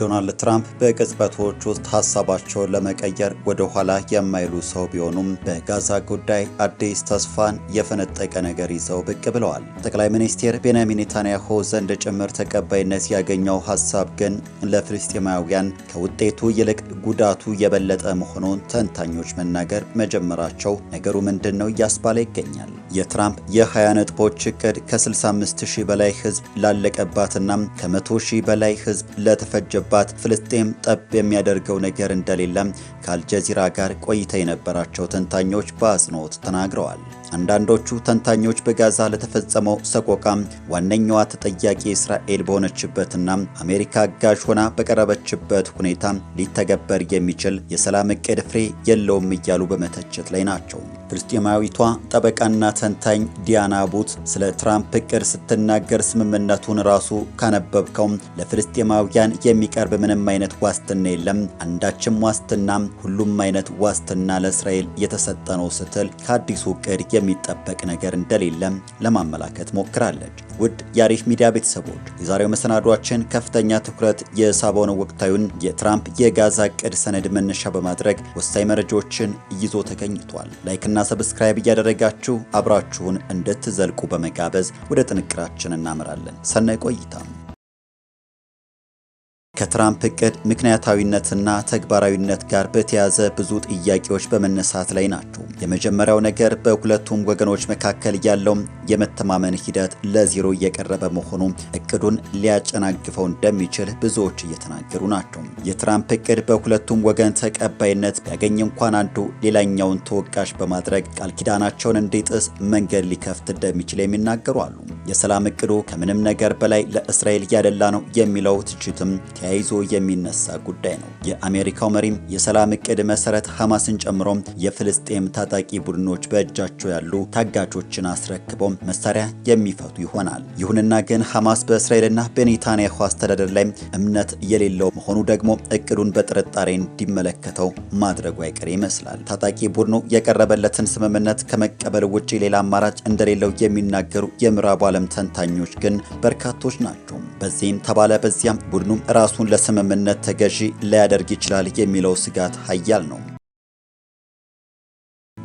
ዶናልድ ትራምፕ በቅጽበቶች ውስጥ ሀሳባቸውን ለመቀየር ወደ ኋላ የማይሉ ሰው ቢሆኑም በጋዛ ጉዳይ አዲስ ተስፋን የፈነጠቀ ነገር ይዘው ብቅ ብለዋል። ጠቅላይ ሚኒስትር ቤንያሚን ኔታንያሁ ዘንድ ጭምር ተቀባይነት ያገኘው ሀሳብ ግን ለፍልስጤማውያን ከውጤቱ ይልቅ ጉዳቱ የበለጠ መሆኑን ተንታኞች መናገር መጀመራቸው ነገሩ ምንድን ነው እያስባለ ይገኛል። የትራምፕ የ20 ነጥቦች እቅድ ከ65 ሺህ በላይ ህዝብ ላለቀባትና ከ100 ሺህ በላይ ህዝብ ለተፈጀባት ፍልስጤም ጠብ የሚያደርገው ነገር እንደሌለም ከአልጀዚራ ጋር ቆይታ የነበራቸው ተንታኞች በአጽንኦት ተናግረዋል። አንዳንዶቹ ተንታኞች በጋዛ ለተፈጸመው ሰቆቃም ዋነኛዋ ተጠያቂ እስራኤል በሆነችበትና አሜሪካ አጋዥ ሆና በቀረበችበት ሁኔታ ሊተገበር የሚችል የሰላም እቅድ ፍሬ የለውም እያሉ በመተቸት ላይ ናቸው። ፍልስጤማዊቷ ጠበቃና ተንታኝ ዲያና ቡት ስለ ትራምፕ እቅድ ስትናገር ስምምነቱን ራሱ ካነበብከው ለፍልስጤማውያን የሚቀርብ ምንም አይነት ዋስትና የለም፣ አንዳችም ዋስትና፣ ሁሉም አይነት ዋስትና ለእስራኤል የተሰጠ ነው ስትል ከአዲሱ እቅድ የሚጠበቅ ነገር እንደሌለም ለማመላከት ሞክራለች። ውድ የአሪፍ ሚዲያ ቤተሰቦች የዛሬው መሰናዷችን ከፍተኛ ትኩረት የሳበውን ወቅታዊውን የትራምፕ የጋዛ እቅድ ሰነድ መነሻ በማድረግ ወሳኝ መረጃዎችን ይዞ ተገኝቷል። ላይክና ሰብስክራይብ እያደረጋችሁ አብራችሁን እንድትዘልቁ በመጋበዝ ወደ ጥንቅራችን እናመራለን። ሰናይ ቆይታም ከትራምፕ እቅድ ምክንያታዊነትና ተግባራዊነት ጋር በተያያዘ ብዙ ጥያቄዎች በመነሳት ላይ ናቸው። የመጀመሪያው ነገር በሁለቱም ወገኖች መካከል ያለው የመተማመን ሂደት ለዜሮ እየቀረበ መሆኑ እቅዱን ሊያጨናግፈው እንደሚችል ብዙዎች እየተናገሩ ናቸው። የትራምፕ እቅድ በሁለቱም ወገን ተቀባይነት ቢያገኝ እንኳን አንዱ ሌላኛውን ተወቃሽ በማድረግ ቃል ኪዳናቸውን እንዲጥስ መንገድ ሊከፍት እንደሚችል የሚናገሩ አሉ። የሰላም እቅዱ ከምንም ነገር በላይ ለእስራኤል ያደላ ነው የሚለው ትችትም ተያይዞ የሚነሳ ጉዳይ ነው። የአሜሪካው መሪም የሰላም እቅድ መሰረት ሐማስን ጨምሮ የፍልስጤም ታጣቂ ቡድኖች በእጃቸው ያሉ ታጋቾችን አስረክበው መሳሪያ የሚፈቱ ይሆናል። ይሁንና ግን ሐማስ በእስራኤልና በኔታንያሁ አስተዳደር ላይ እምነት የሌለው መሆኑ ደግሞ እቅዱን በጥርጣሬ እንዲመለከተው ማድረጉ አይቀር ይመስላል። ታጣቂ ቡድኑ የቀረበለትን ስምምነት ከመቀበል ውጪ ሌላ አማራጭ እንደሌለው የሚናገሩ የምዕራቡ ዓለም ተንታኞች ግን በርካቶች ናቸው። በዚህም ተባለ በዚያም ቡድኑ ራሱ ራሱን ለስምምነት ተገዢ ሊያደርግ ይችላል የሚለው ስጋት ኃያል ነው።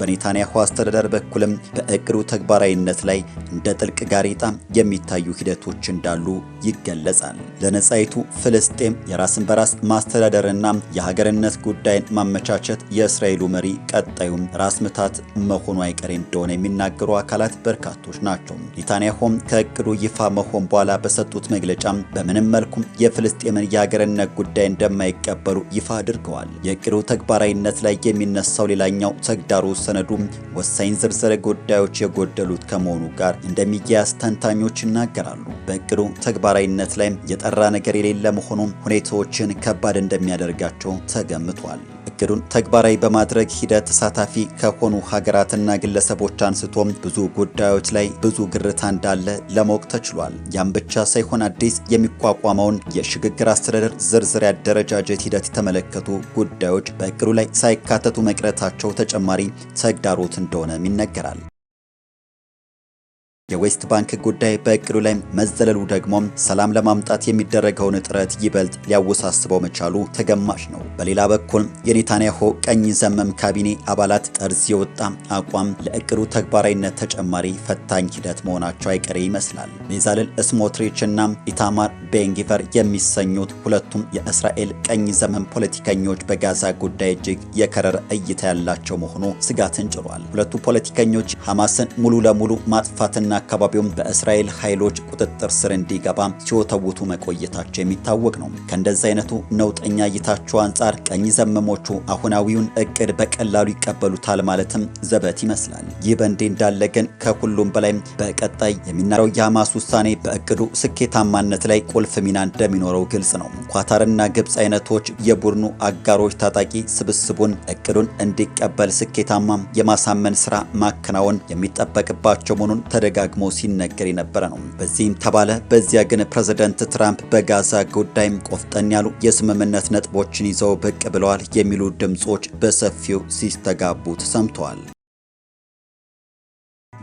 በኔታንያሁ አስተዳደር በኩልም በእቅዱ ተግባራዊነት ላይ እንደ ጥልቅ ጋሬጣ የሚታዩ ሂደቶች እንዳሉ ይገለጻል። ለነጻይቱ ፍልስጤም የራስን በራስ ማስተዳደርና የሀገርነት ጉዳይን ማመቻቸት የእስራኤሉ መሪ ቀጣዩም ራስ ምታት መሆኑ አይቀሬ እንደሆነ የሚናገሩ አካላት በርካቶች ናቸው። ኔታንያሁም ከእቅዱ ይፋ መሆን በኋላ በሰጡት መግለጫ በምንም መልኩም የፍልስጤምን የሀገርነት ጉዳይ እንደማይቀበሉ ይፋ አድርገዋል። የእቅዱ ተግባራዊነት ላይ የሚነሳው ሌላኛው ተግዳሮት ሰነዱ ወሳኝ ዝርዝረ ጉዳዮች የጎደሉት ከመሆኑ ጋር እንደሚያያዝ ተንታኞች ይናገራሉ። በእቅዱ ተግባራዊነት ላይ የጠራ ነገር የሌለ መሆኑ ሁኔታዎችን ከባድ እንደሚያደርጋቸው ተገምቷል። እቅዱን ተግባራዊ በማድረግ ሂደት ተሳታፊ ከሆኑ ሀገራትና ግለሰቦች አንስቶም ብዙ ጉዳዮች ላይ ብዙ ግርታ እንዳለ ለማወቅ ተችሏል። ያም ብቻ ሳይሆን አዲስ የሚቋቋመውን የሽግግር አስተዳደር ዝርዝር ያደረጃጀት ሂደት የተመለከቱ ጉዳዮች በእቅዱ ላይ ሳይካተቱ መቅረታቸው ተጨማሪ ተግዳሮት እንደሆነም ይነገራል። የዌስት ባንክ ጉዳይ በእቅዱ ላይ መዘለሉ ደግሞ ሰላም ለማምጣት የሚደረገውን ጥረት ይበልጥ ሊያወሳስበው መቻሉ ተገማሽ ነው። በሌላ በኩል የኔታንያሁ ቀኝ ዘመም ካቢኔ አባላት ጠርዝ የወጣ አቋም ለእቅዱ ተግባራዊነት ተጨማሪ ፈታኝ ሂደት መሆናቸው አይቀሬ ይመስላል። ቤዛልል ስሞትሪች እና ኢታማር ቤንጊቨር የሚሰኙት ሁለቱም የእስራኤል ቀኝ ዘመም ፖለቲከኞች በጋዛ ጉዳይ እጅግ የከረረ እይታ ያላቸው መሆኑ ስጋትን ጭሯል። ሁለቱ ፖለቲከኞች ሐማስን ሙሉ ለሙሉ ማጥፋትና አካባቢውም በእስራኤል ኃይሎች ቁጥጥር ስር እንዲገባ ሲወተውቱ መቆየታቸው የሚታወቅ ነው። ከእንደዚህ አይነቱ ነውጠኛ እይታቸው አንጻር ቀኝ ዘመሞቹ አሁናዊውን እቅድ በቀላሉ ይቀበሉታል ማለትም ዘበት ይመስላል። ይህ በእንዲህ እንዳለ ግን ከሁሉም በላይ በቀጣይ የሚናረው የሐማስ ውሳኔ በእቅዱ ስኬታማነት ላይ ቁልፍ ሚና እንደሚኖረው ግልጽ ነው። ኳታርና ግብፅ አይነቶች የቡድኑ አጋሮች ታጣቂ ስብስቡን እቅዱን እንዲቀበል ስኬታማ የማሳመን ስራ ማከናወን የሚጠበቅባቸው መሆኑን ተደጋ ደጋግሞ ሲነገር የነበረ ነው። በዚህም ተባለ በዚያ ግን ፕሬዝዳንት ትራምፕ በጋዛ ጉዳይም ቆፍጠን ያሉ የስምምነት ነጥቦችን ይዘው ብቅ ብለዋል የሚሉ ድምጾች በሰፊው ሲስተጋቡ ተሰምተዋል።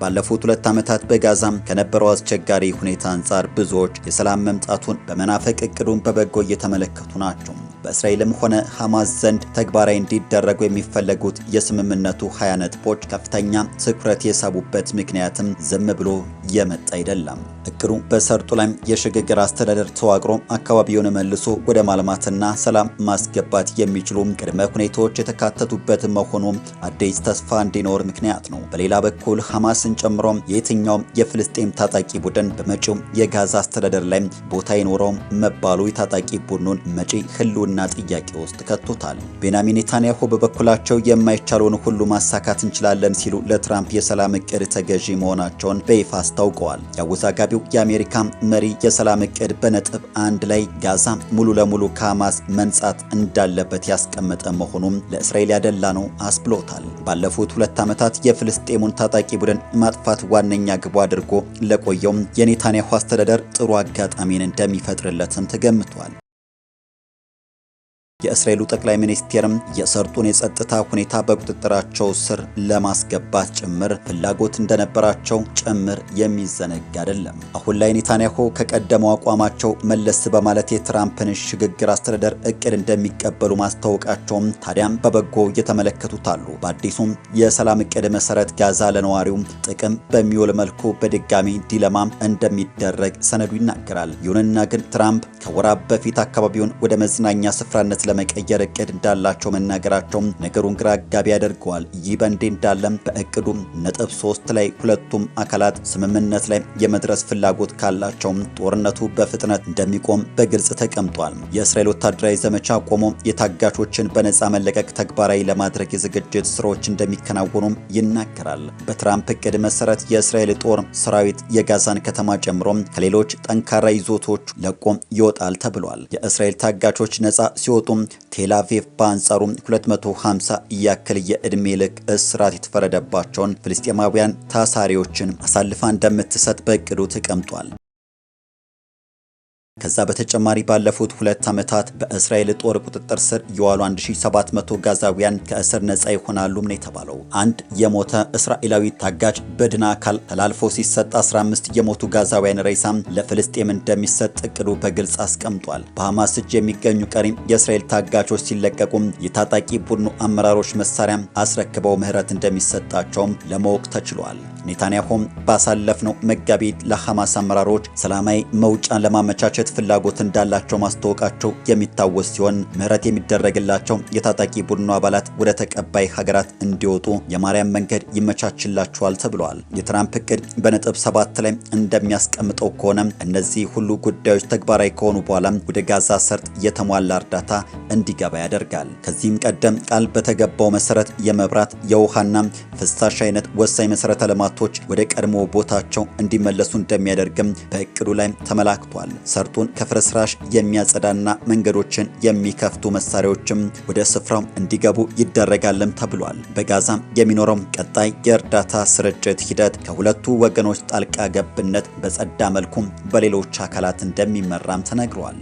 ባለፉት ሁለት ዓመታት በጋዛም ከነበረው አስቸጋሪ ሁኔታ አንጻር ብዙዎች የሰላም መምጣቱን በመናፈቅ እቅዱን በበጎ እየተመለከቱ ናቸው። በእስራኤልም ሆነ ሐማስ ዘንድ ተግባራዊ እንዲደረጉ የሚፈለጉት የስምምነቱ 20 ነጥቦች ከፍተኛ ትኩረት የሳቡበት ምክንያትም ዝም ብሎ የመጣ አይደለም። እክሩ በሰርጡ ላይም የሽግግር አስተዳደር ተዋቅሮ አካባቢውን መልሶ ወደ ማልማትና ሰላም ማስገባት የሚችሉ ቅድመ ሁኔታዎች የተካተቱበት መሆኑ አዲስ ተስፋ እንዲኖር ምክንያት ነው። በሌላ በኩል ሐማስን ጨምሮ የትኛውም የፍልስጤም ታጣቂ ቡድን በመጪው የጋዛ አስተዳደር ላይ ቦታ ይኖረውም መባሉ የታጣቂ ቡድኑን መጪ ህልውና ጥያቄ ውስጥ ከቶታል። ቤንያሚን ኔታንያሁ በበኩላቸው የማይቻለውን ሁሉ ማሳካት እንችላለን ሲሉ ለትራምፕ የሰላም እቅድ ተገዢ መሆናቸውን በይፋ አስታውቀዋል። የአወዛጋቢው የአሜሪካ መሪ የሰላም እቅድ በነጥብ አንድ ላይ ጋዛ ሙሉ ለሙሉ ከሐማስ መንጻት እንዳለበት ያስቀመጠ መሆኑም ለእስራኤል ያደላ ነው አስብሎታል። ባለፉት ሁለት ዓመታት የፍልስጤሙን ታጣቂ ቡድን ማጥፋት ዋነኛ ግቡ አድርጎ ለቆየውም የኔታንያሁ አስተዳደር ጥሩ አጋጣሚን እንደሚፈጥርለትም ተገምቷል። የእስራኤሉ ጠቅላይ ሚኒስትርም የሰርጡን የጸጥታ ሁኔታ በቁጥጥራቸው ስር ለማስገባት ጭምር ፍላጎት እንደነበራቸው ጭምር የሚዘነጋ አይደለም። አሁን ላይ ኔታንያሁ ከቀደመው አቋማቸው መለስ በማለት የትራምፕን ሽግግር አስተዳደር እቅድ እንደሚቀበሉ ማስታወቃቸውም ታዲያም በበጎ እየተመለከቱት አሉ። በአዲሱም የሰላም እቅድ መሰረት ጋዛ ለነዋሪው ጥቅም በሚውል መልኩ በድጋሚ ዲለማም እንደሚደረግ ሰነዱ ይናገራል። ይሁንና ግን ትራምፕ ከወራት በፊት አካባቢውን ወደ መዝናኛ ስፍራነት ለመቀየር እቅድ እንዳላቸው መናገራቸው ነገሩን ግራ አጋቢ ያደርገዋል። ይህ በእንዲህ እንዳለም በእቅዱም ነጥብ ሶስት ላይ ሁለቱም አካላት ስምምነት ላይ የመድረስ ፍላጎት ካላቸው ጦርነቱ በፍጥነት እንደሚቆም በግልጽ ተቀምጧል። የእስራኤል ወታደራዊ ዘመቻ ቆሞ የታጋቾችን በነጻ መለቀቅ ተግባራዊ ለማድረግ የዝግጅት ስራዎች እንደሚከናወኑም ይናገራል። በትራምፕ እቅድ መሰረት የእስራኤል ጦር ሰራዊት የጋዛን ከተማ ጨምሮ ከሌሎች ጠንካራ ይዞቶች ለቆም ይወጣል ተብሏል። የእስራኤል ታጋቾች ነጻ ሲወጡ ቴላቪቭ በአንጻሩ 250 እያክል የዕድሜ ልክ እስራት የተፈረደባቸውን ፍልስጤማውያን ታሳሪዎችን አሳልፋ እንደምትሰጥ በእቅዱ ተቀምጧል። ከዛ በተጨማሪ ባለፉት ሁለት ዓመታት በእስራኤል ጦር ቁጥጥር ስር የዋሉ 1700 ጋዛውያን ከእስር ነፃ ይሆናሉ ነው የተባለው። አንድ የሞተ እስራኤላዊ ታጋጅ በድን አካል ተላልፎ ሲሰጥ 15 የሞቱ ጋዛውያን ሬሳም ለፍልስጤም እንደሚሰጥ እቅዱ በግልጽ አስቀምጧል። በሐማስ እጅ የሚገኙ ቀሪ የእስራኤል ታጋቾች ሲለቀቁም የታጣቂ ቡድኑ አመራሮች መሳሪያም አስረክበው ምህረት እንደሚሰጣቸውም ለማወቅ ተችሏል። ኔታንያሁም ባሳለፍነው መጋቢት ለሐማስ አመራሮች ሰላማዊ መውጫን ለማመቻቸት ፍላጎት እንዳላቸው ማስታወቃቸው የሚታወስ ሲሆን ምህረት የሚደረግላቸው የታጣቂ ቡድኑ አባላት ወደ ተቀባይ ሀገራት እንዲወጡ የማርያም መንገድ ይመቻችላቸዋል ተብለዋል። የትራምፕ እቅድ በነጥብ ሰባት ላይ እንደሚያስቀምጠው ከሆነ እነዚህ ሁሉ ጉዳዮች ተግባራዊ ከሆኑ በኋላ ወደ ጋዛ ሰርጥ የተሟላ እርዳታ እንዲገባ ያደርጋል። ከዚህም ቀደም ቃል በተገባው መሰረት የመብራት የውሃና ፍሳሽ አይነት ወሳኝ መሰረተ ልማት ፕሮጀክቶች ወደ ቀድሞ ቦታቸው እንዲመለሱ እንደሚያደርግም በእቅዱ ላይ ተመላክቷል። ሰርጡን ከፍርስራሽ የሚያጸዳና መንገዶችን የሚከፍቱ መሳሪያዎችም ወደ ስፍራው እንዲገቡ ይደረጋልም ተብሏል። በጋዛም የሚኖረው ቀጣይ የእርዳታ ስርጭት ሂደት ከሁለቱ ወገኖች ጣልቃ ገብነት በጸዳ መልኩም በሌሎች አካላት እንደሚመራም ተነግሯል።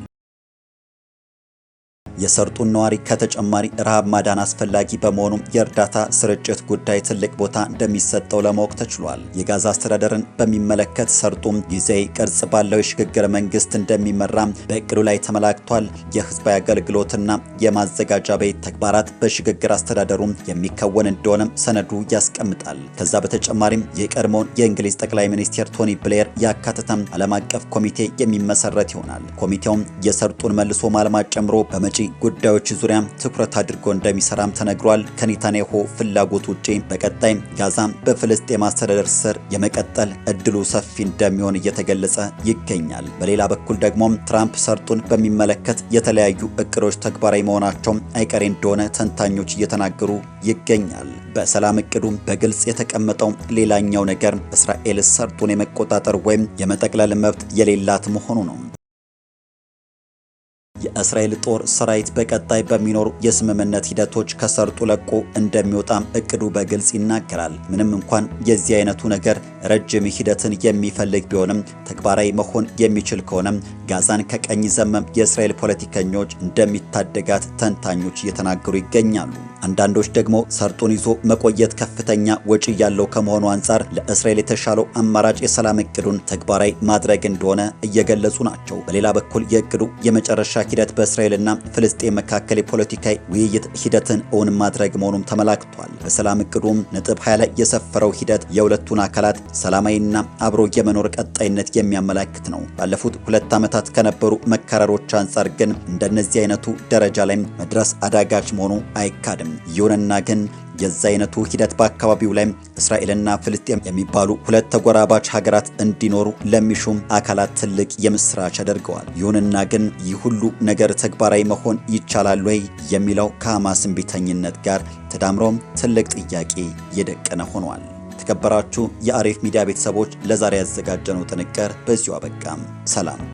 የሰርጡን ነዋሪ ከተጨማሪ ረሃብ ማዳን አስፈላጊ በመሆኑም የእርዳታ ስርጭት ጉዳይ ትልቅ ቦታ እንደሚሰጠው ለማወቅ ተችሏል። የጋዛ አስተዳደርን በሚመለከት ሰርጡም ጊዜያዊ ቅርጽ ባለው የሽግግር መንግስት እንደሚመራ በእቅዱ ላይ ተመላክቷል። የህዝባዊ አገልግሎትና የማዘጋጃ ቤት ተግባራት በሽግግር አስተዳደሩም የሚከወን እንደሆነም ሰነዱ ያስቀምጣል። ከዛ በተጨማሪም የቀድሞውን የእንግሊዝ ጠቅላይ ሚኒስትር ቶኒ ብሌር ያካተተም ዓለም አቀፍ ኮሚቴ የሚመሰረት ይሆናል። ኮሚቴውም የሰርጡን መልሶ ማልማት ጨምሮ በመጪ ጉዳዮች ዙሪያ ትኩረት አድርጎ እንደሚሰራም ተነግሯል። ከኔታንያሁ ፍላጎት ውጪ በቀጣይ ጋዛ በፍልስጤም አስተዳደር ስር የመቀጠል እድሉ ሰፊ እንደሚሆን እየተገለጸ ይገኛል። በሌላ በኩል ደግሞ ትራምፕ ሰርጡን በሚመለከት የተለያዩ እቅዶች ተግባራዊ መሆናቸው አይቀሬ እንደሆነ ተንታኞች እየተናገሩ ይገኛል። በሰላም እቅዱ በግልጽ የተቀመጠው ሌላኛው ነገር እስራኤል ሰርጡን የመቆጣጠር ወይም የመጠቅለል መብት የሌላት መሆኑ ነው። የእስራኤል ጦር ሰራዊት በቀጣይ በሚኖሩ የስምምነት ሂደቶች ከሰርጡ ለቆ እንደሚወጣም እቅዱ በግልጽ ይናገራል። ምንም እንኳን የዚህ አይነቱ ነገር ረጅም ሂደትን የሚፈልግ ቢሆንም ተግባራዊ መሆን የሚችል ከሆነም ጋዛን ከቀኝ ዘመም የእስራኤል ፖለቲከኞች እንደሚታደጋት ተንታኞች እየተናገሩ ይገኛሉ። አንዳንዶች ደግሞ ሰርጡን ይዞ መቆየት ከፍተኛ ወጪ ያለው ከመሆኑ አንጻር ለእስራኤል የተሻለው አማራጭ የሰላም እቅዱን ተግባራዊ ማድረግ እንደሆነ እየገለጹ ናቸው። በሌላ በኩል የእቅዱ የመጨረሻ ሂደት በእስራኤልና ፍልስጤም መካከል የፖለቲካዊ ውይይት ሂደትን እውን ማድረግ መሆኑም ተመላክቷል። በሰላም እቅዱም ነጥብ 20 ላይ የሰፈረው ሂደት የሁለቱን አካላት ሰላማዊና አብሮ የመኖር ቀጣይነት የሚያመላክት ነው። ባለፉት ሁለት ዓመታት ከነበሩ መካረሮች አንጻር ግን እንደነዚህ አይነቱ ደረጃ ላይም መድረስ አዳጋች መሆኑ አይካድም። ይሁንና ግን የዛ አይነቱ ሂደት በአካባቢው ላይ እስራኤልና ፍልስጤም የሚባሉ ሁለት ተጎራባች ሀገራት እንዲኖሩ ለሚሹም አካላት ትልቅ የምስራች ያደርገዋል። ይሁንና ግን ይህ ሁሉ ነገር ተግባራዊ መሆን ይቻላል ወይ የሚለው ከሐማስ እምቢተኝነት ጋር ተዳምሮም ትልቅ ጥያቄ የደቀነ ሆኗል። የተከበራችሁ የአሪፍ ሚዲያ ቤተሰቦች ለዛሬ ያዘጋጀነው ጥንቅር በዚሁ አበቃም። ሰላም።